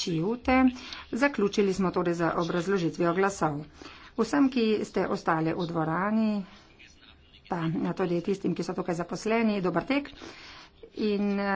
Čivute. Zaključili smo torej za obrazložitvijo glasov. Vsem, ki ste ostali v dvorani, pa tudi tistim, ki so tukaj zaposleni, dober tek. In